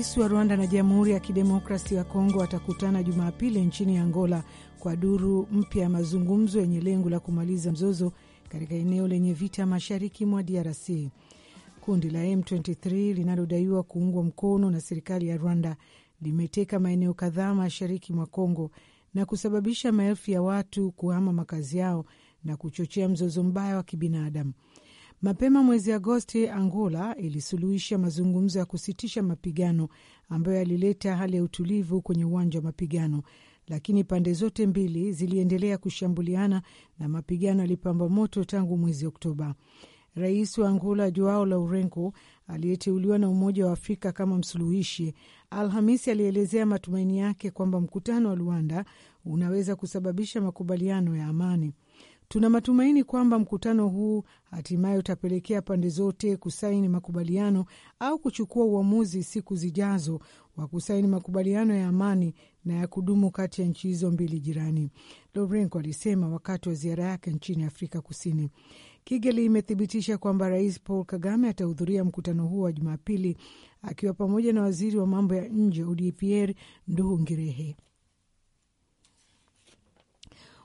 Rais wa Rwanda na Jamhuri ya Kidemokrasi ya Kongo watakutana Jumapili nchini Angola kwa duru mpya ya mazungumzo yenye lengo la kumaliza mzozo katika eneo lenye vita mashariki mwa DRC. Kundi la M23 linalodaiwa kuungwa mkono na serikali ya Rwanda limeteka maeneo kadhaa mashariki mwa Kongo na kusababisha maelfu ya watu kuhama makazi yao na kuchochea mzozo mbaya wa kibinadamu Mapema mwezi Agosti, Angola ilisuluhisha mazungumzo ya kusitisha mapigano ambayo yalileta hali ya utulivu kwenye uwanja wa mapigano, lakini pande zote mbili ziliendelea kushambuliana na mapigano yalipamba moto tangu mwezi Oktoba. Rais wa Angola Joao Lourenco aliyeteuliwa na Umoja wa Afrika kama msuluhishi, Alhamisi alielezea matumaini yake kwamba mkutano wa Luanda unaweza kusababisha makubaliano ya amani. Tuna matumaini kwamba mkutano huu hatimaye utapelekea pande zote kusaini makubaliano au kuchukua uamuzi siku zijazo wa kusaini makubaliano ya amani na ya kudumu kati ya nchi hizo mbili jirani, Lourenco alisema wakati wa ziara yake nchini Afrika Kusini. Kigali imethibitisha kwamba Rais Paul Kagame atahudhuria mkutano huo wa Jumapili akiwa pamoja na waziri wa mambo ya nje Odie Pierre Nduhungirehe.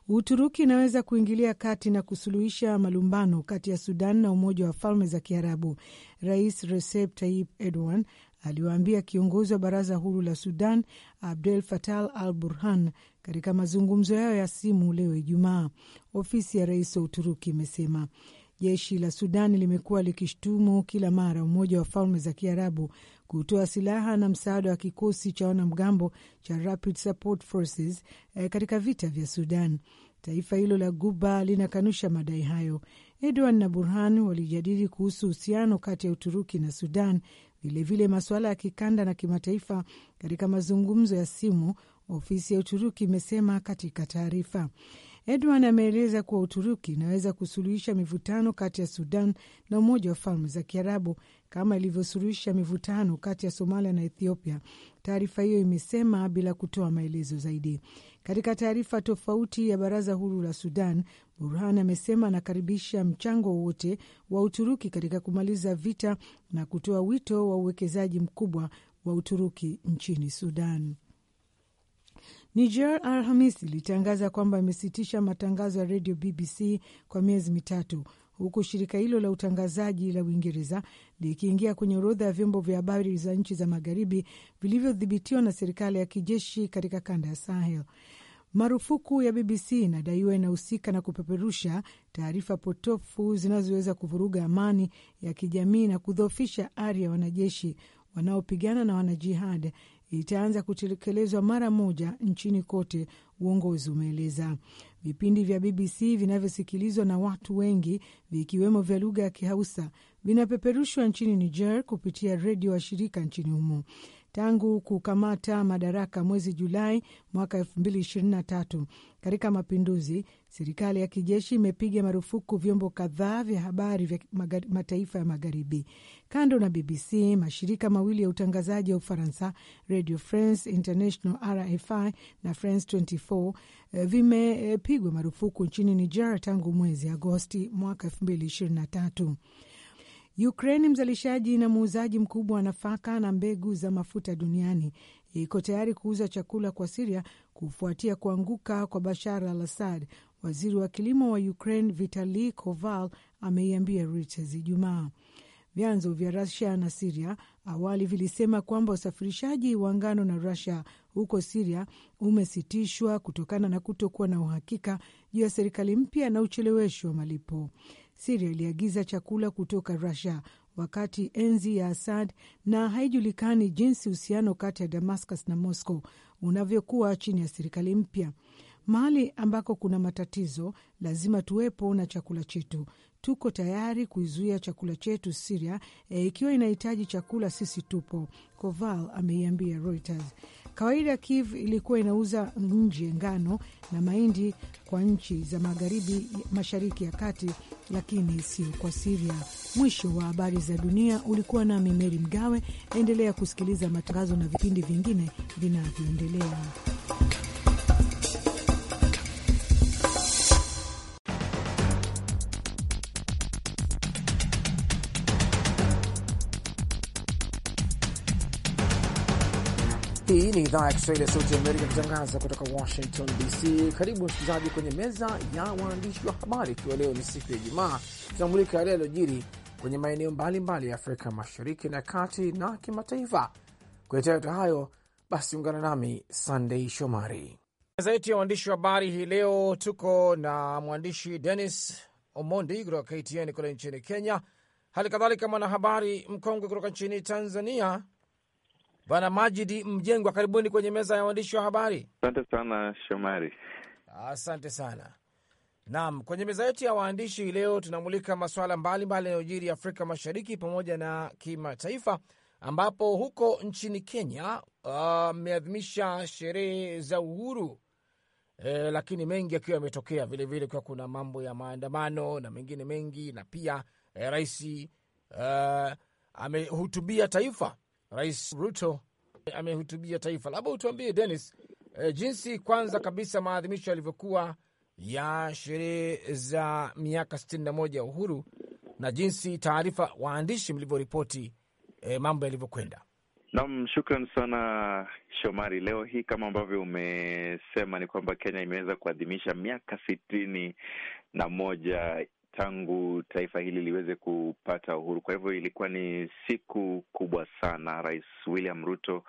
Uturuki inaweza kuingilia kati na kusuluhisha malumbano kati ya Sudan na Umoja wa Falme za Kiarabu. Rais Recep Tayyip Erdogan aliwaambia kiongozi wa Baraza Huru la Sudan Abdel Fattah al Burhan katika mazungumzo yao ya simu leo Ijumaa, ofisi ya rais wa Uturuki imesema jeshi la Sudani limekuwa likishtumu kila mara Umoja wa Falme za Kiarabu kutoa silaha na msaada wa kikosi cha wanamgambo cha Rapid Support Forces eh, katika vita vya Sudan. Taifa hilo la Guba linakanusha madai hayo. Edwan na Burhan walijadili kuhusu uhusiano kati ya Uturuki na Sudan, vilevile masuala ya kikanda na kimataifa katika mazungumzo ya simu, ofisi ya Uturuki imesema katika taarifa. Edwan ameeleza kuwa Uturuki inaweza kusuluhisha mivutano kati ya Sudan na Umoja wa Falme za Kiarabu kama ilivyosuluhisha mivutano kati ya Somalia na Ethiopia, taarifa hiyo imesema bila kutoa maelezo zaidi. Katika taarifa tofauti ya Baraza Huru la Sudan, Burhan amesema anakaribisha mchango wowote wa Uturuki katika kumaliza vita na kutoa wito wa uwekezaji mkubwa wa Uturuki nchini Sudan. Niger Alhamis ilitangaza kwamba imesitisha matangazo ya redio BBC kwa miezi mitatu, huku shirika hilo la utangazaji la Uingereza likiingia kwenye orodha ya vyombo vya habari za nchi za magharibi vilivyodhibitiwa na serikali ya kijeshi katika kanda ya Sahel. Marufuku ya BBC inadaiwa inahusika na kupeperusha taarifa potofu zinazoweza kuvuruga amani ya kijamii na kudhoofisha ari ya wanajeshi wanaopigana na wanajihad itaanza kutekelezwa mara moja nchini kote, uongozi umeeleza. Vipindi vya BBC vinavyosikilizwa na watu wengi vikiwemo vya lugha ya Kihausa vinapeperushwa nchini Niger kupitia redio washirika nchini humo tangu kukamata madaraka mwezi Julai mwaka 2023 katika mapinduzi, serikali ya kijeshi imepiga marufuku vyombo kadhaa vya habari vya mataifa ya magharibi. Kando na BBC, mashirika mawili ya utangazaji ya Ufaransa, Radio France International RFI na France 24 eh, vimepigwa marufuku nchini Niger tangu mwezi Agosti mwaka 2023. Ukraine, mzalishaji na muuzaji mkubwa wa nafaka na mbegu za mafuta duniani, iko tayari kuuza chakula kwa Siria kufuatia kuanguka kwa Bashar al Assad. Waziri wa kilimo wa Ukraine Vitali Koval ameiambia Reuters Ijumaa. Vyanzo vya Rusia na Siria awali vilisema kwamba usafirishaji wa ngano na Rusia huko Siria umesitishwa kutokana na kutokuwa na uhakika juu ya serikali mpya na ucheleweshi wa malipo. Siria iliagiza chakula kutoka Rusia wakati enzi ya Assad, na haijulikani jinsi uhusiano kati ya Damascus na Moscow unavyokuwa chini ya serikali mpya. Mahali ambako kuna matatizo, lazima tuwepo na chakula chetu. Tuko tayari kuizuia chakula chetu Siria e, ikiwa inahitaji chakula, sisi tupo, Koval ameiambia Reuters. Kawaida Kiev ilikuwa inauza nje ngano na mahindi kwa nchi za magharibi, mashariki ya kati, lakini sio kwa Siria. Mwisho wa habari za dunia. Ulikuwa nami Meri Mgawe. Endelea kusikiliza matangazo na vipindi vingine vinavyoendelea. Hii ni idhaa ya Kiswahili ya Sauti ya Amerika kitangaza kutoka Washington DC. Karibu msikilizaji kwenye meza ya waandishi wa habari, ikiwa leo ni siku ya Ijumaa, tunamulika yale yaliyojiri kwenye maeneo mbalimbali ya Afrika Mashariki na kati na kimataifa. Kuletea yote hayo, basi ungana nami Sandei Shomari. Meza yetu ya waandishi wa habari hii leo tuko na mwandishi Denis Omondi kutoka KTN kule nchini Kenya, hali kadhalika mwanahabari mkongwe kutoka nchini Tanzania Bwana Majidi Mjengwa, karibuni kwenye meza ya waandishi wa habari. Asante sana Shomari, asante sana. Naam, kwenye meza yetu ya waandishi leo tunamulika masuala mbalimbali yanayojiri Afrika Mashariki pamoja na kimataifa, ambapo huko nchini Kenya mmeadhimisha uh, sherehe za uhuru e, lakini mengi akiwa yametokea vilevile, kwa kuna mambo ya maandamano na mengine mengi, na pia eh, rais uh, amehutubia taifa Rais Ruto eh, amehutubia taifa. Labda utuambie denis e, eh, jinsi kwanza kabisa maadhimisho yalivyokuwa ya sherehe za miaka 61 ya uhuru na jinsi taarifa waandishi mlivyoripoti e, mambo yalivyokwenda. Naam, shukran sana Shomari. Leo hii kama ambavyo umesema ni kwamba Kenya imeweza kuadhimisha miaka sitini na moja tangu taifa hili liweze kupata uhuru. Kwa hivyo ilikuwa ni siku kubwa sana. Rais William Ruto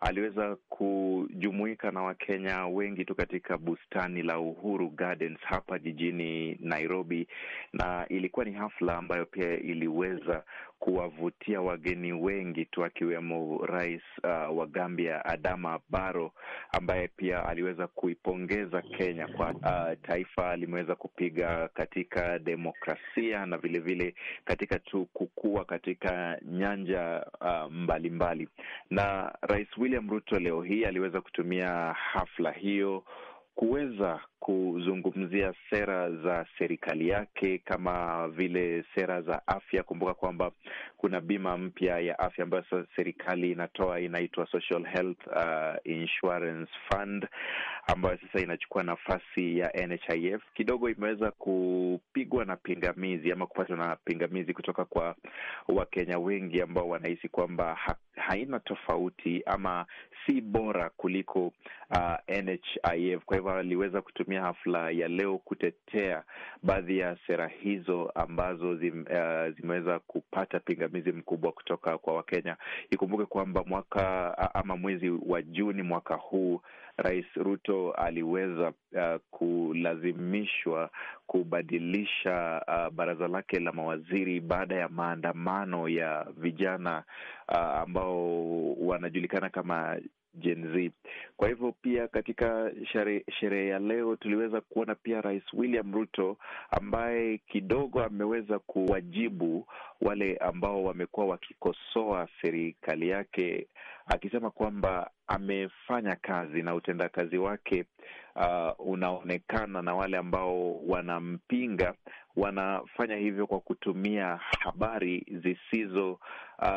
aliweza kujumuika na Wakenya wengi tu katika bustani la Uhuru Gardens hapa jijini Nairobi, na ilikuwa ni hafla ambayo pia iliweza kuwavutia wageni wengi tu akiwemo rais uh, wa Gambia Adama Barrow ambaye pia aliweza kuipongeza Kenya kwa uh, taifa limeweza kupiga katika demokrasia na vilevile vile katika tu kukua katika nyanja uh, mbalimbali uh, mbali. Na Rais William Ruto leo hii aliweza kutumia hafla hiyo kuweza kuzungumzia sera za serikali yake kama vile sera za afya. Kumbuka kwamba kuna bima mpya ya afya ambayo serikali inatoa inaitwa Social Health uh, Insurance Fund ambayo sasa inachukua nafasi ya NHIF. Kidogo imeweza kupigwa na pingamizi ama kupatwa na pingamizi kutoka kwa Wakenya wengi ambao wanahisi kwamba ha haina tofauti ama si bora kuliko uh, NHIF. Kwa hivyo aliweza kutumia hafla ya leo kutetea baadhi ya sera hizo ambazo zim, uh, zimeweza kupata pingamizi pingamizi mkubwa kutoka kwa Wakenya. Ikumbuke kwamba mwaka ama mwezi wa Juni mwaka huu Rais Ruto aliweza uh, kulazimishwa kubadilisha uh, baraza lake la mawaziri baada ya maandamano ya vijana uh, ambao wanajulikana kama Gen Z. Kwa hivyo pia katika sherehe ya leo tuliweza kuona pia Rais William Ruto ambaye kidogo ameweza kuwajibu wale ambao wamekuwa wakikosoa serikali yake akisema kwamba amefanya kazi na utendakazi wake uh, unaonekana na wale ambao wanampinga wanafanya hivyo kwa kutumia habari zisizo uh,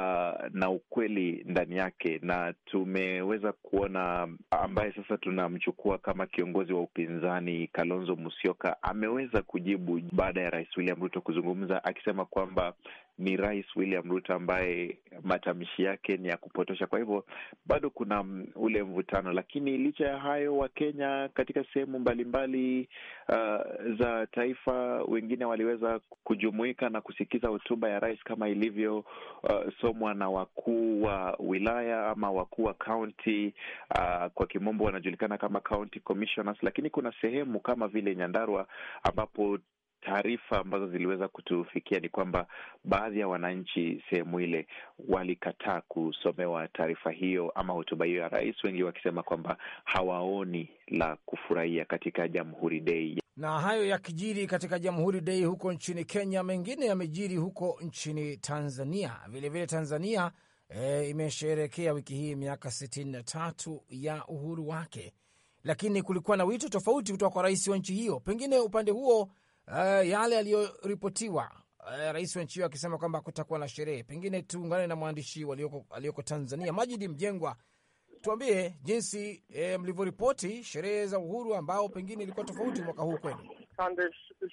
na ukweli ndani yake, na tumeweza kuona ambaye sasa tunamchukua kama kiongozi wa upinzani Kalonzo Musyoka ameweza kujibu baada ya Rais William Ruto kuzungumza akisema kwamba ni Rais William Ruto ambaye matamshi yake ni ya kupotosha. Kwa hivyo bado kuna mm, ule mvutano, lakini licha ya hayo, Wakenya katika sehemu mbalimbali uh, za taifa, wengine waliweza kujumuika na kusikiza hotuba ya rais kama ilivyosomwa uh, na wakuu wa wilaya ama wakuu wa kaunti uh, kwa kimombo wanajulikana kama county commissioners, lakini kuna sehemu kama vile Nyandarua ambapo taarifa ambazo ziliweza kutufikia ni kwamba baadhi ya wananchi sehemu ile walikataa kusomewa taarifa hiyo ama hotuba hiyo ya rais, wengi wakisema kwamba hawaoni la kufurahia katika Jamhuri Dei. Na hayo yakijiri katika Jamhuri Dei huko nchini Kenya, mengine yamejiri huko nchini Tanzania vilevile. Vile Tanzania e, eh, imesherehekea wiki hii miaka sitini na tatu ya uhuru wake, lakini kulikuwa na wito tofauti kutoka kwa rais wa nchi hiyo. Pengine upande huo uh, yale yaliyoripotiwa, uh, rais wa nchi hiyo akisema kwamba kutakuwa na sherehe. Pengine tuungane na mwandishi aliyoko Tanzania, Majidi Mjengwa, tuambie jinsi eh, mlivyoripoti sherehe za uhuru ambao pengine ilikuwa tofauti mwaka huu kwenu. Sande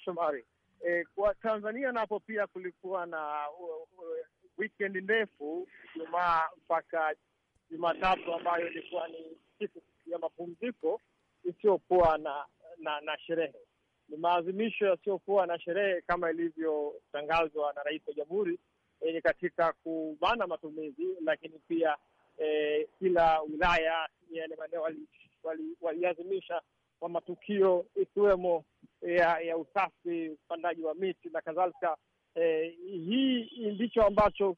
Shomari. E, kwa Tanzania napo pia kulikuwa na uh, uh, weekend ndefu, Jumaa mpaka Jumatatu, ambayo ilikuwa ni siku ya mapumziko isiyokuwa na, na na sherehe ni maadhimisho yasiyokuwa na sherehe kama ilivyotangazwa na Rais wa Jamhuri ni eh, katika kubana matumizi, lakini pia e, kila wilaya yale eh, maeneo waliazimisha wali kwa matukio ikiwemo ya, ya usafi, upandaji wa miti na kadhalika. e, hii ndicho ambacho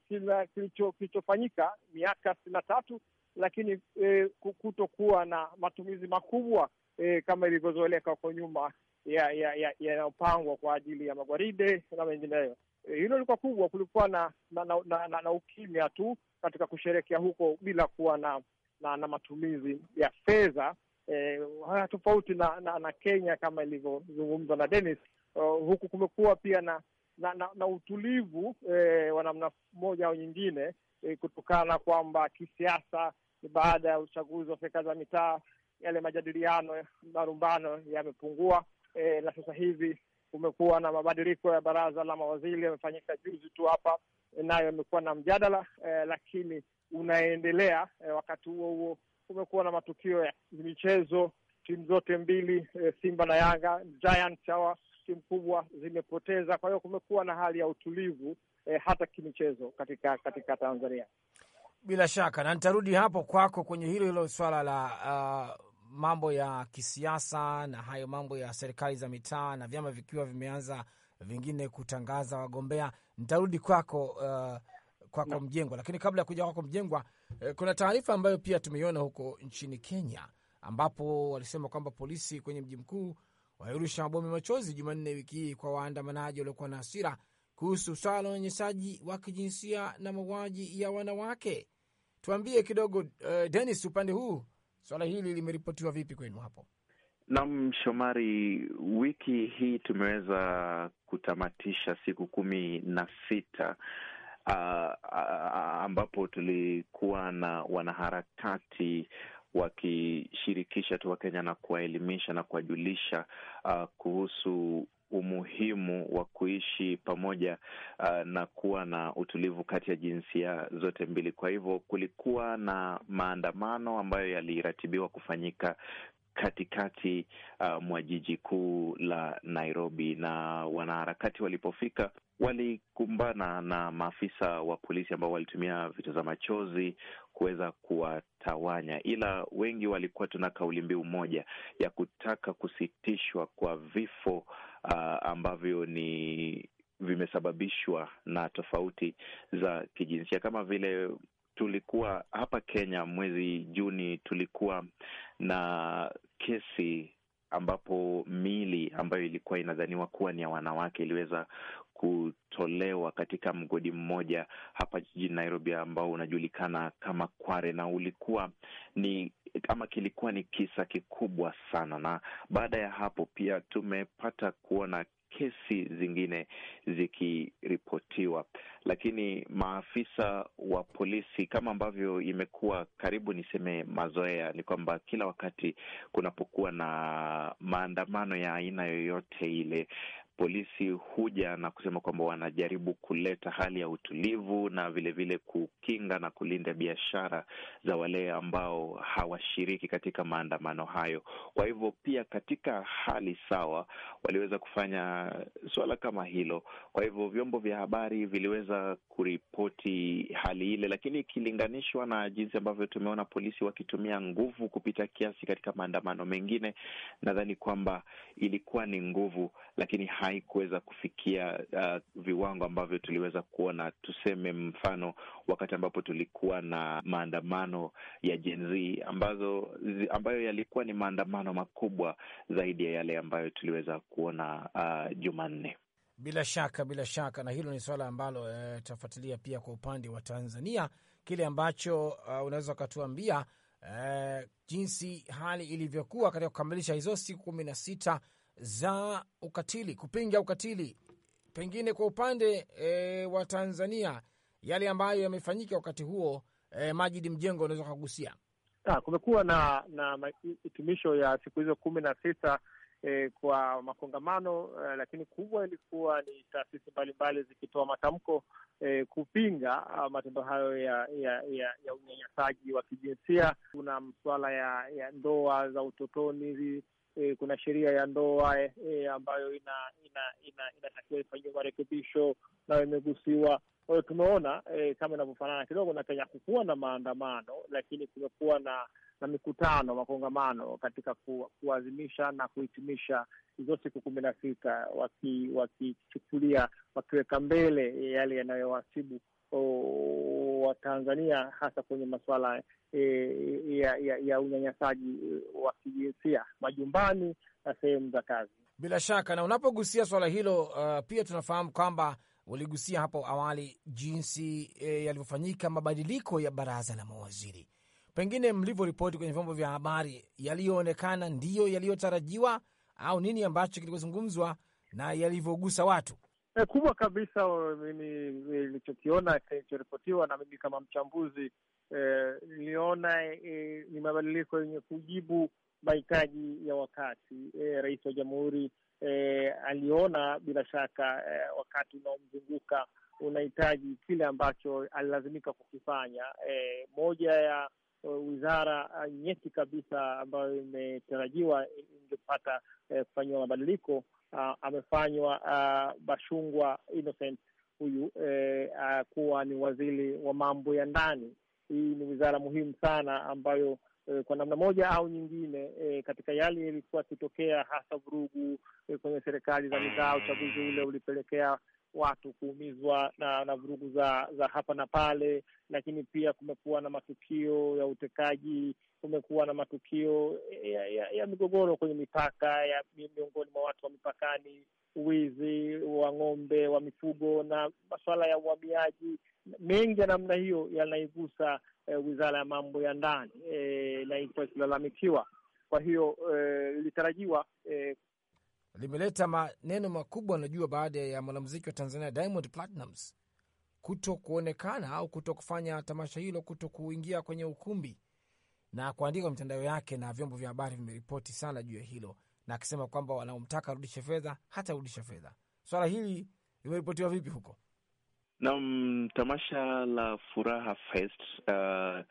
kilichofanyika miaka sitini na tatu, lakini e, kutokuwa na matumizi makubwa e, kama ilivyozoeleka huko nyuma yanayopangwa ya, ya, kwa ajili ya magwaride na mengineyo. E, hilo lilikuwa kubwa, kulikuwa na na, na, na, na, na ukimya tu katika kusherekea huko bila kuwa na na, na matumizi ya fedha eh, tofauti na, na, na Kenya kama ilivyozungumzwa na Dennis. Uh, huku kumekuwa pia na na, na, na utulivu eh, wa namna moja au nyingine eh, kutokana kwamba kisiasa baada ya uchaguzi wa serikali za mitaa yale majadiliano marumbano yamepungua, e, na sasa hivi kumekuwa na mabadiliko ya baraza la mawaziri yamefanyika juzi tu hapa, nayo amekuwa na mjadala e, lakini unaendelea. E, wakati huo huo kumekuwa na matukio ya michezo. Timu zote mbili e, Simba na Yanga, Giants hawa timu kubwa zimepoteza. Kwa hiyo kumekuwa na hali ya utulivu e, hata kimichezo katika katika Tanzania. Bila shaka na nitarudi hapo kwako kwenye hilo hilo swala la uh mambo ya kisiasa na hayo mambo ya serikali za mitaa na vyama vikiwa vimeanza vingine kutangaza wagombea, nitarudi kwako uh, kwako no. Mjengwa, lakini kabla ya kuja kwako Mjengwa, eh, kuna taarifa ambayo pia tumeiona huko nchini Kenya ambapo walisema kwamba polisi kwenye mji mkuu walirusha mabomu machozi Jumanne wiki hii kwa waandamanaji waliokuwa na hasira kuhusu swala la unyanyasaji wa kijinsia na mauaji ya wanawake. Tuambie kidogo, uh, eh, Denis, upande huu Swala hili limeripotiwa vipi kwenu hapo? Naam, Shomari, wiki hii tumeweza kutamatisha siku kumi na sita uh, ambapo tulikuwa na wanaharakati wakishirikisha tu Wakenya na kuwaelimisha na kuwajulisha uh, kuhusu umuhimu wa kuishi pamoja uh, na kuwa na utulivu kati ya jinsia zote mbili. Kwa hivyo kulikuwa na maandamano ambayo yaliratibiwa kufanyika katikati uh, mwa jiji kuu la Nairobi, na wanaharakati walipofika walikumbana na maafisa wa polisi ambao walitumia vitu za machozi kuweza kuwatawanya, ila wengi walikuwa tuna kauli mbiu moja ya kutaka kusitishwa kwa vifo uh, ambavyo ni vimesababishwa na tofauti za kijinsia kama vile tulikuwa hapa Kenya mwezi Juni tulikuwa na kesi ambapo mili ambayo ilikuwa inadhaniwa kuwa ni ya wanawake iliweza kutolewa katika mgodi mmoja hapa jijini Nairobi ambao unajulikana kama Kware, na ulikuwa ni ama kilikuwa ni kisa kikubwa sana. Na baada ya hapo pia tumepata kuona kesi zingine zikiripotiwa, lakini maafisa wa polisi, kama ambavyo imekuwa karibu niseme mazoea, ni kwamba kila wakati kunapokuwa na maandamano ya aina yoyote ile, polisi huja na kusema kwamba wanajaribu kuleta hali ya utulivu na vilevile kukinga na kulinda biashara za wale ambao hawashiriki katika maandamano hayo. Kwa hivyo pia katika hali sawa waliweza kufanya suala kama hilo. Kwa hivyo vyombo vya habari viliweza kuripoti hali ile, lakini ikilinganishwa na jinsi ambavyo tumeona polisi wakitumia nguvu kupita kiasi katika maandamano mengine, nadhani kwamba ilikuwa ni nguvu, lakini haikuweza kufikia uh, viwango ambavyo tuliweza kuona, tuseme mfano wakati ambapo tulikuwa na maandamano ya Gen Z ambazo ambayo yalikuwa ni maandamano makubwa zaidi ya yale ambayo tuliweza kuona uh, Jumanne. Bila shaka, bila shaka, na hilo ni suala ambalo eh, tafuatilia pia kwa upande wa Tanzania, kile ambacho uh, unaweza ukatuambia eh, jinsi hali ilivyokuwa katika kukamilisha hizo siku kumi na sita za ukatili, kupinga ukatili, pengine kwa upande e, wa Tanzania yale ambayo yamefanyika wakati huo e, Majidi Mjengo, unaweza ukagusia? Ah, kumekuwa na na hitimisho ya siku hizo kumi na tisa e, kwa makongamano e, lakini kubwa ilikuwa ni taasisi mbalimbali zikitoa matamko e, kupinga matendo hayo ya ya, ya, ya unyanyasaji wa kijinsia. Kuna masuala ya, ya ndoa za utotoni eh, kuna sheria ya ndoa eh, eh ambayo inatakiwa ina, ina, ina ifanyiwe marekebisho nayo imegusiwa. Kwa hiyo tumeona eh, kama inavyofanana kidogo na Kenya, kukuwa na maandamano, lakini kumekuwa na na mikutano, makongamano katika ku, kuadhimisha na kuhitimisha hizo siku kumi na sita wakichukulia waki wakiweka mbele yale yanayowasibu oh, Watanzania hasa kwenye masuala E, e, ya, ya, ya unyanyasaji e, wa kijinsia majumbani na sehemu za kazi. Bila shaka, na unapogusia swala hilo uh, pia tunafahamu kwamba uligusia hapo awali jinsi e, yalivyofanyika mabadiliko ya baraza la mawaziri, pengine mlivyoripoti kwenye vyombo vya habari, yaliyoonekana ndiyo yaliyotarajiwa au nini ambacho kilizungumzwa na yalivyogusa watu e, kubwa kabisa. Mimi nilichokiona kilichoripotiwa na mimi kama mchambuzi Eh, niliona eh, eh, ni mabadiliko yenye kujibu mahitaji ya wakati. Eh, rais wa jamhuri eh, aliona bila shaka eh, wakati unaomzunguka unahitaji kile ambacho alilazimika kukifanya. Eh, moja ya eh, wizara eh, nyeti kabisa ambayo imetarajiwa ingepata eh, kufanyiwa mabadiliko amefanywa ah, Bashungwa Innocent huyu eh, kuwa ni waziri wa mambo ya ndani hii ni wizara muhimu sana ambayo e, kwa namna moja au nyingine e, katika yale yalikuwa akitokea hasa vurugu e, kwenye serikali za mitaa, uchaguzi ule ulipelekea watu kuumizwa na na vurugu za za hapa na pale, lakini pia kumekuwa na matukio ya utekaji, kumekuwa na matukio ya, ya, ya migogoro kwenye mipaka ya miongoni mwa watu wa mipakani, uwizi wa ng'ombe wa mifugo na masuala ya uhamiaji. Mengi ya namna hiyo yanaigusa eh, wizara ya mambo ya ndani eh, na ilikuwa ikilalamikiwa. Kwa hiyo eh, ilitarajiwa eh, limeleta maneno makubwa, najua baada ya mwanamuziki wa Tanzania Diamond Platnumz kuto kuonekana au kuto kufanya tamasha hilo, kuto kuingia kwenye ukumbi na kuandika mitandao yake, na vyombo vya habari vimeripoti sana juu ya hilo, na akisema kwamba wanaomtaka arudishe fedha hata arudishe fedha. Swala hili limeripotiwa vipi huko? Naam, tamasha la Furaha Fest uh,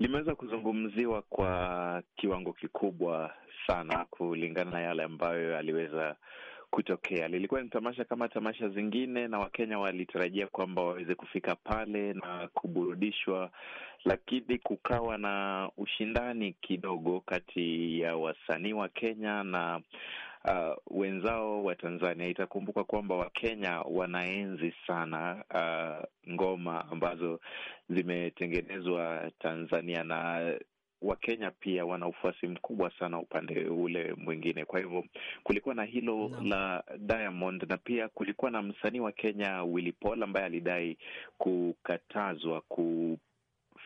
limeweza kuzungumziwa kwa kiwango kikubwa sana kulingana na yale ambayo yaliweza kutokea. Lilikuwa ni tamasha kama tamasha zingine, na Wakenya walitarajia kwamba waweze kufika pale na kuburudishwa, lakini kukawa na ushindani kidogo kati ya wasanii wa Kenya na uh, wenzao wa Tanzania. Itakumbuka kwamba Wakenya wanaenzi sana uh, ngoma ambazo zimetengenezwa Tanzania na Wakenya pia wana ufuasi mkubwa sana upande ule mwingine. Kwa hivyo kulikuwa na hilo no. la Diamond na pia kulikuwa na msanii wa Kenya Willy Paul ambaye alidai kukatazwa ku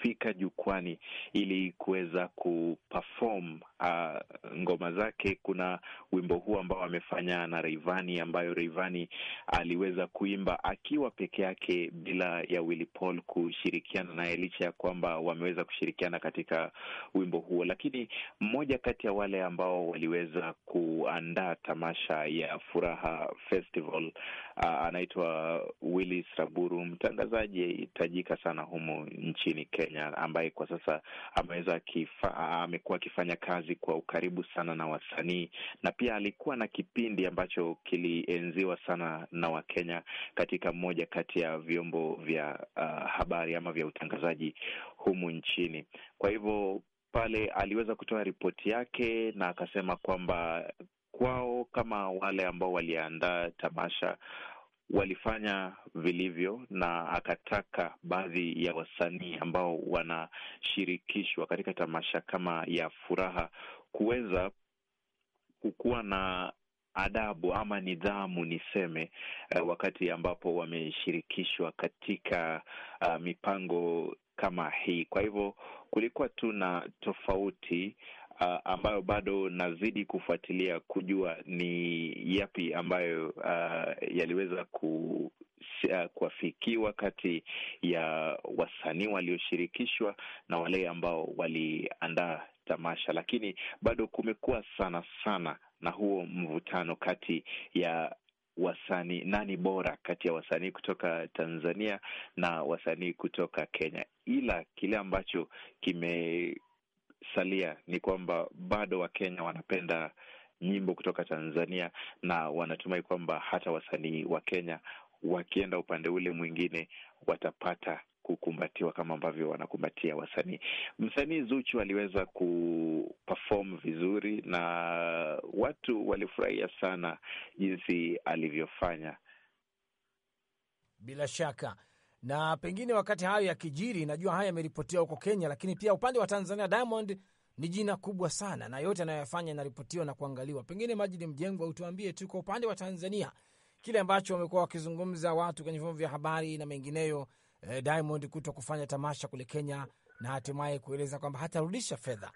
kufika jukwani ili kuweza kuperform uh, ngoma zake. Kuna wimbo huu ambao amefanya na Rayvanny, ambayo Rayvanny aliweza kuimba akiwa peke yake bila ya Willy Paul kushirikiana naye, licha ya kwamba wameweza kushirikiana katika wimbo huo. Lakini mmoja kati ya wale ambao waliweza kuandaa tamasha ya Furaha Festival uh, anaitwa Willis Raburu, mtangazaji tajika sana humu nchini Kenya. Kenya ambaye kwa sasa ameweza amekuwa akifanya kazi kwa ukaribu sana na wasanii, na pia alikuwa na kipindi ambacho kilienziwa sana na Wakenya katika moja kati ya vyombo vya uh, habari ama vya utangazaji humu nchini. Kwa hivyo pale aliweza kutoa ripoti yake na akasema kwamba kwao kama wale ambao waliandaa tamasha walifanya vilivyo, na akataka baadhi ya wasanii ambao wanashirikishwa katika tamasha kama ya Furaha kuweza kukuwa na adabu ama nidhamu niseme, uh, wakati ambapo wameshirikishwa katika uh, mipango kama hii. Kwa hivyo kulikuwa tu na tofauti uh, ambayo bado nazidi kufuatilia kujua ni yapi ambayo uh, yaliweza ku kuafikiwa kati ya wasanii walioshirikishwa na wale ambao waliandaa tamasha, lakini bado kumekuwa sana sana na huo mvutano kati ya wasanii, nani bora kati ya wasanii kutoka Tanzania na wasanii kutoka Kenya. Ila kile ambacho kime salia ni kwamba bado Wakenya wanapenda nyimbo kutoka Tanzania na wanatumai kwamba hata wasanii wa Kenya wakienda upande ule mwingine watapata kukumbatiwa kama ambavyo wanakumbatia wasanii. Msanii Zuchu aliweza kuperform vizuri na watu walifurahia sana jinsi alivyofanya. Bila shaka na pengine wakati hayo yakijiri, najua haya yameripotiwa huko Kenya, lakini pia upande wa Tanzania Diamond ni jina kubwa sana na yote anayoyafanya inaripotiwa na kuangaliwa. Pengine Majid Mjengwa, utuambie tu kwa upande wa Tanzania kile ambacho wamekuwa wakizungumza watu kwenye vyombo vya habari na mengineyo, eh, Diamond kuto kufanya tamasha kule Kenya na hatimaye kueleza kwamba hatarudisha fedha.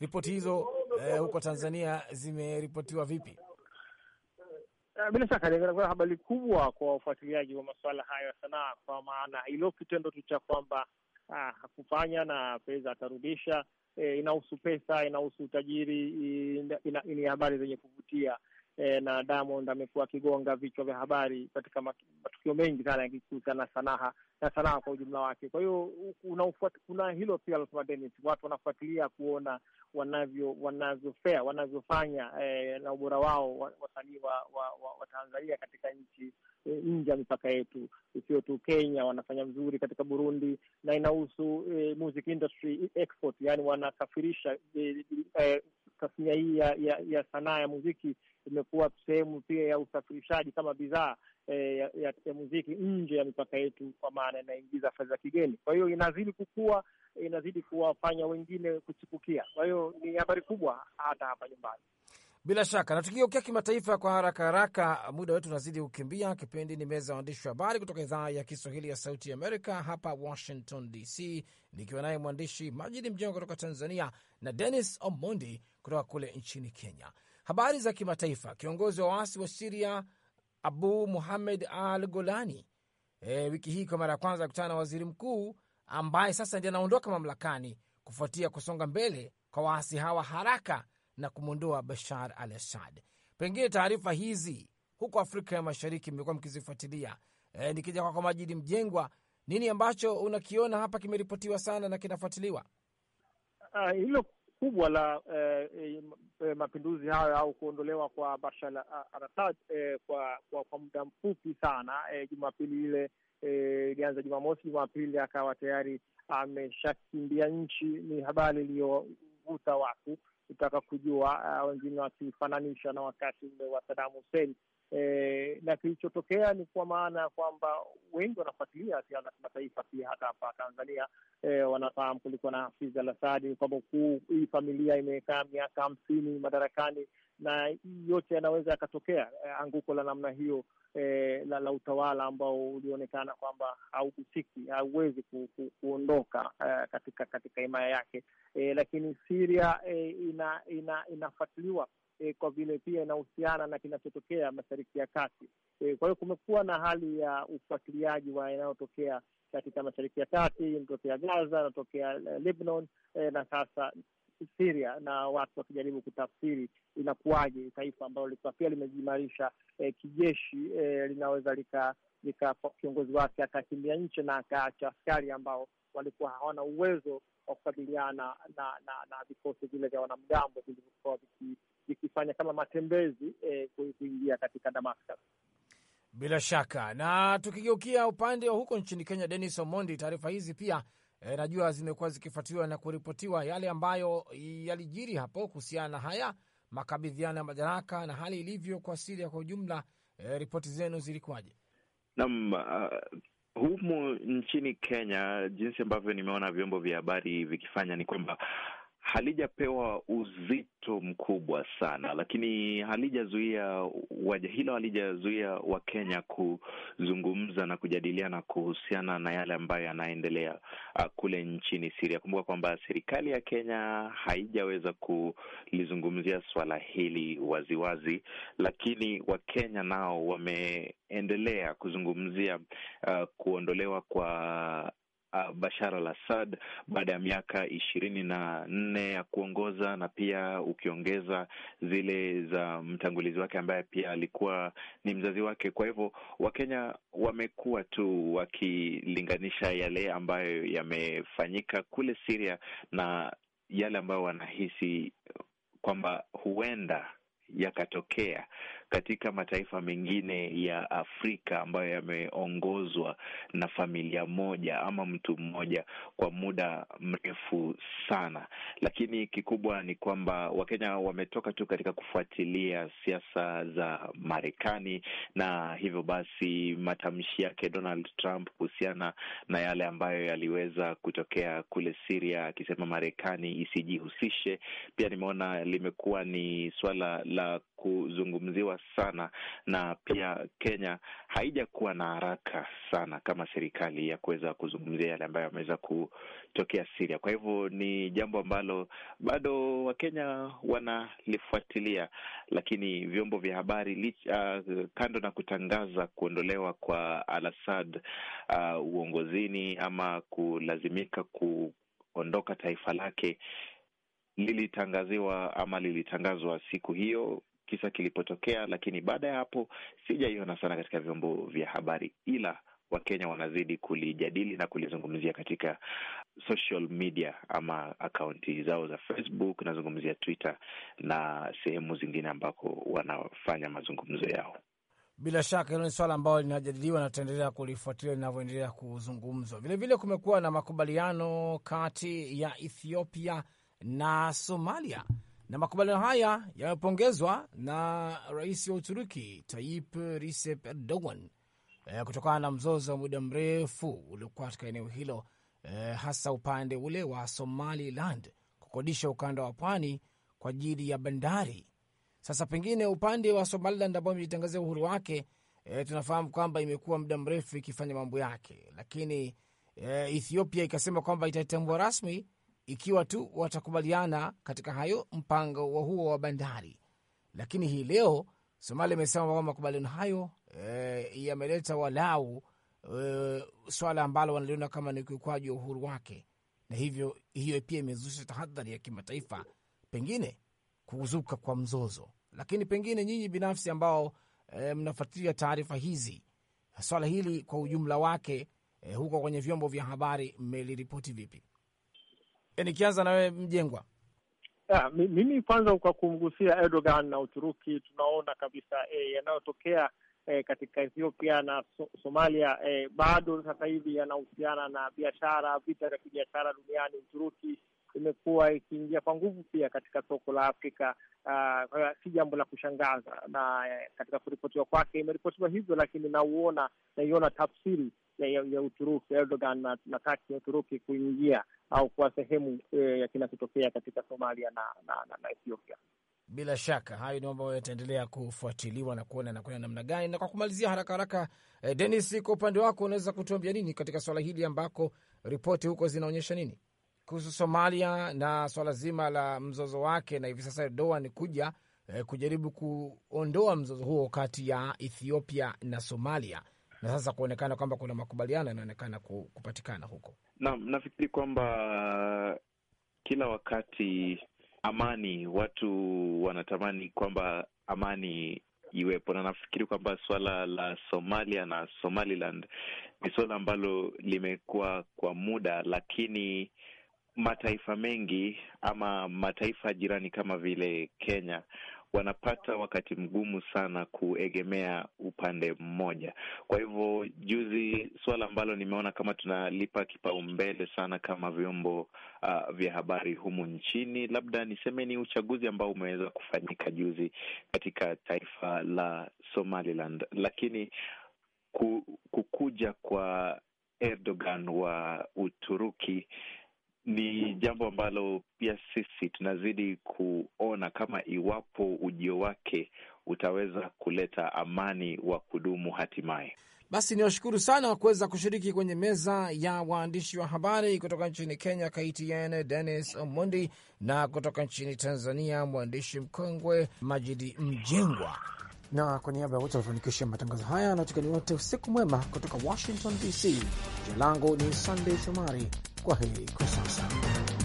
Ripoti hizo eh, huko Tanzania zimeripotiwa vipi? Eh, bila shaka ni habari kubwa kwa wafuatiliaji wa masuala hayo ya sanaa, kwa maana ilo kitendo tu cha kwamba ah, hakufanya na fedha atarudisha, eh, inahusu pesa, inahusu utajiri, eh, ni habari zenye kuvutia e, na Diamond amekuwa akigonga vichwa vya habari katika matukio mengi sana yakihusiana na sanaha na sanaa kwa ujumla wake. Kwa hiyo kuna hilo pia alisema Dennis, watu wanafuatilia kuona wanavyo wanavyofea wanavyofanya e, na ubora wao wasanii wa, wa, wa, wa Tanzania katika nchi e, nje ya mipaka yetu, isiyo tu Kenya. Wanafanya vizuri katika Burundi na inahusu e, music industry export, yani wanasafirisha e, e, tasnia hii ya, ya, ya sanaa ya muziki imekuwa sehemu pia ya usafirishaji kama bidhaa e, ya, ya, ya muziki nje ya mipaka yetu, kwa maana inaingiza fedha za kigeni. Kwa hiyo inazidi kukua, inazidi kuwafanya wengine kuchipukia. Kwa hiyo ni habari kubwa hata hapa nyumbani. Bila shaka na tukigeukia kimataifa kwa haraka haraka, muda wetu unazidi kukimbia. Kipindi ni meza ya waandishi wa habari kutoka idhaa ya Kiswahili ya Sauti ya Amerika hapa Washington DC, nikiwa naye mwandishi Majidi Mjengo kutoka Tanzania na Dennis Omondi kutoka kule nchini Kenya. Habari za kimataifa. Kiongozi wa waasi wa Siria Abu Muhamed al Golani e, wiki hii kwa mara ya kwanza akutana na waziri mkuu ambaye sasa ndiye anaondoka mamlakani kufuatia kusonga mbele kwa waasi hawa haraka na kumwondoa Bashar al Assad. Pengine taarifa hizi huko Afrika ya Mashariki mmekuwa mkizifuatilia. E, nikija kwako Majidi Mjengwa, nini ambacho unakiona hapa kimeripotiwa sana na kinafuatiliwa? Ah, hilo kubwa la eh, eh, mapinduzi hayo au kuondolewa kwa Bashar al-Assad eh, kwa, kwa kwa muda mfupi sana eh, Jumapili ile eh, ilianza eh, Jumamosi, Jumapili akawa tayari ameshakimbia nchi. Ni habari iliyovuta watu kutaka kujua, uh, wengine wakifananisha na wakati ule wa Saddam Hussein E, na kilichotokea ni kwa maana ya kwamba wengi wanafuatilia siasa za kimataifa pia hata hapa Tanzania e, wanafahamu kulikuwa na Hafiz al-Assad kwamba kuu hii familia imekaa miaka hamsini madarakani, na yote yanaweza yakatokea e, anguko la namna hiyo eh, la, la utawala ambao ulionekana kwamba hauhusiki hauwezi ku, ku, kuondoka eh, katika katika himaya yake eh, lakini Syria eh, ina, ina, inafuatiliwa eh, kwa vile pia inahusiana na kinachotokea Mashariki ya Kati eh, kwa hiyo kumekuwa na hali ya ufuatiliaji wa inayotokea katika Mashariki ya Kati, inatokea Gaza, inatokea eh, Lebanon eh, na sasa Syria na watu wakijaribu kutafsiri inakuwaje taifa ambalo lilikuwa pia limejiimarisha eh, kijeshi eh, linaweza lika, lika kiongozi wake akakimbia nchi na akaacha askari ambao walikuwa hawana uwezo wa kukabiliana na na vikosi vile vya wanamgambo vilivyokuwa vikifanya kama matembezi eh, kuingia katika Damascus. Bila shaka na tukigeukia upande wa huko nchini Kenya, Denis Omondi, taarifa hizi pia e, najua zimekuwa zikifuatiliwa na kuripotiwa yale ambayo yalijiri hapo kuhusiana na haya makabidhiano ya madaraka na hali ilivyo kwa Siria kwa ujumla. E, ripoti zenu zilikuwaje? Naam, uh, humu nchini Kenya, jinsi ambavyo nimeona vyombo vya habari vikifanya ni kwamba halijapewa uzito mkubwa sana, lakini halijazuia waja hilo halijazuia Wakenya kuzungumza na kujadiliana kuhusiana na yale ambayo yanaendelea uh, kule nchini Siria. Kumbuka kwamba serikali ya Kenya haijaweza kulizungumzia swala hili waziwazi, lakini Wakenya nao wameendelea kuzungumzia uh, kuondolewa kwa uh, Bashar al Assad baada ya miaka ishirini na nne ya kuongoza na pia ukiongeza zile za mtangulizi wake ambaye pia alikuwa ni mzazi wake. Kwa hivyo Wakenya wamekuwa tu wakilinganisha yale ambayo yamefanyika kule Siria na yale ambayo wanahisi kwamba huenda yakatokea katika mataifa mengine ya Afrika ambayo yameongozwa na familia moja ama mtu mmoja kwa muda mrefu sana. Lakini kikubwa ni kwamba Wakenya wametoka tu katika kufuatilia siasa za Marekani, na hivyo basi matamshi yake Donald Trump kuhusiana na yale ambayo yaliweza kutokea kule Siria, akisema Marekani isijihusishe, pia nimeona limekuwa ni suala la kuzungumziwa sana, na pia Kenya haijakuwa na haraka sana kama serikali ya kuweza kuzungumzia yale ambayo yameweza kutokea Siria. Kwa hivyo ni jambo ambalo bado Wakenya wanalifuatilia, lakini vyombo vya habari uh, kando na kutangaza kuondolewa kwa al-Assad uh, uongozini ama kulazimika kuondoka taifa lake lilitangaziwa ama lilitangazwa siku hiyo kisa kilipotokea, lakini baada ya hapo sijaiona sana katika vyombo vya habari, ila Wakenya wanazidi kulijadili na kulizungumzia katika social media ama akaunti zao za Facebook, nazungumzia Twitter na sehemu zingine ambako wanafanya mazungumzo yao. Bila shaka hilo ni swala ambalo linajadiliwa na tutaendelea kulifuatilia linavyoendelea kuzungumzwa. Vilevile kumekuwa na makubaliano kati ya Ethiopia na Somalia na makubaliano haya yamepongezwa na rais wa Uturuki Tayyip Recep Erdogan eh, kutokana na mzozo wa muda mrefu uliokuwa katika eneo hilo eh, hasa upande ule wa Somaliland kukodisha ukanda wa pwani kwa ajili ya bandari. Sasa pengine upande wa Somaliland ambao imejitangazia uhuru wake eh, tunafahamu kwamba imekuwa muda mrefu ikifanya mambo yake, lakini eh, Ethiopia ikasema kwamba itaitambua rasmi ikiwa tu watakubaliana katika hayo mpango wa huo wa bandari. Lakini hii leo Somalia imesema kwamba makubaliano hayo e, yameleta walau e, swala ambalo wanaliona kama ni ukiukwaji wa uhuru wake, na hivyo hiyo pia imezusha tahadhari ya kimataifa, pengine kuzuka kwa mzozo. Lakini pengine nyinyi binafsi ambao e, mnafuatilia taarifa hizi, swala hili kwa ujumla wake e, huko kwenye vyombo vya habari mmeliripoti vipi? Eh, nikianza nawe Mjengwa. Yeah, mimi kwanza kwa kumgusia Erdogan na Uturuki, tunaona kabisa eh, yanayotokea eh, katika Ethiopia na so Somalia eh, bado sasa hivi yanahusiana na biashara, vita vya kibiashara duniani. Uturuki imekuwa ikiingia kwa nguvu pia katika soko la Afrika. Uh, si jambo la kushangaza na eh, katika kuripotiwa kwake imeripotiwa hivyo, lakini nauona naiona tafsiri ya, ya, ya Uturuki Erdogan na, na kati ya Uturuki kuingia au kuwa sehemu e, ya kinachotokea katika Somalia na, na, na, na Ethiopia. Bila shaka hayo ni mambo yataendelea kufuatiliwa na kuona nakwenda namna gani. Na kwa kumalizia haraka haraka, eh, Denis, kwa upande wako unaweza kutuambia nini katika swala hili ambako ripoti huko zinaonyesha nini kuhusu Somalia na swala zima la mzozo wake na hivi sasa Erdogan kuja eh, kujaribu kuondoa mzozo huo kati ya Ethiopia na Somalia na sasa kuonekana kwamba kuna makubaliano yanaonekana kupatikana huko. Naam, nafikiri kwamba kila wakati amani, watu wanatamani kwamba amani iwepo na nafikiri kwamba suala la Somalia na Somaliland ni suala ambalo limekuwa kwa muda, lakini mataifa mengi ama mataifa jirani kama vile Kenya wanapata wakati mgumu sana kuegemea upande mmoja. Kwa hivyo, juzi, suala ambalo nimeona kama tunalipa kipaumbele sana kama vyombo uh, vya habari humu nchini, labda niseme ni uchaguzi ambao umeweza kufanyika juzi katika taifa la Somaliland, lakini kukuja kwa Erdogan wa Uturuki ni jambo ambalo pia sisi tunazidi kuona kama iwapo ujio wake utaweza kuleta amani wa kudumu hatimaye. Basi niwashukuru sana kuweza kushiriki kwenye meza ya waandishi wa habari kutoka nchini Kenya, KTN Dennis Omundi, na kutoka nchini Tanzania mwandishi mkongwe Majidi Mjengwa. Na kwa niaba ya wote waliofanikisha matangazo haya, natukani wote usiku mwema kutoka Washington DC. Jina langu ni sandey Shomari. Kwa heri kwa sasa.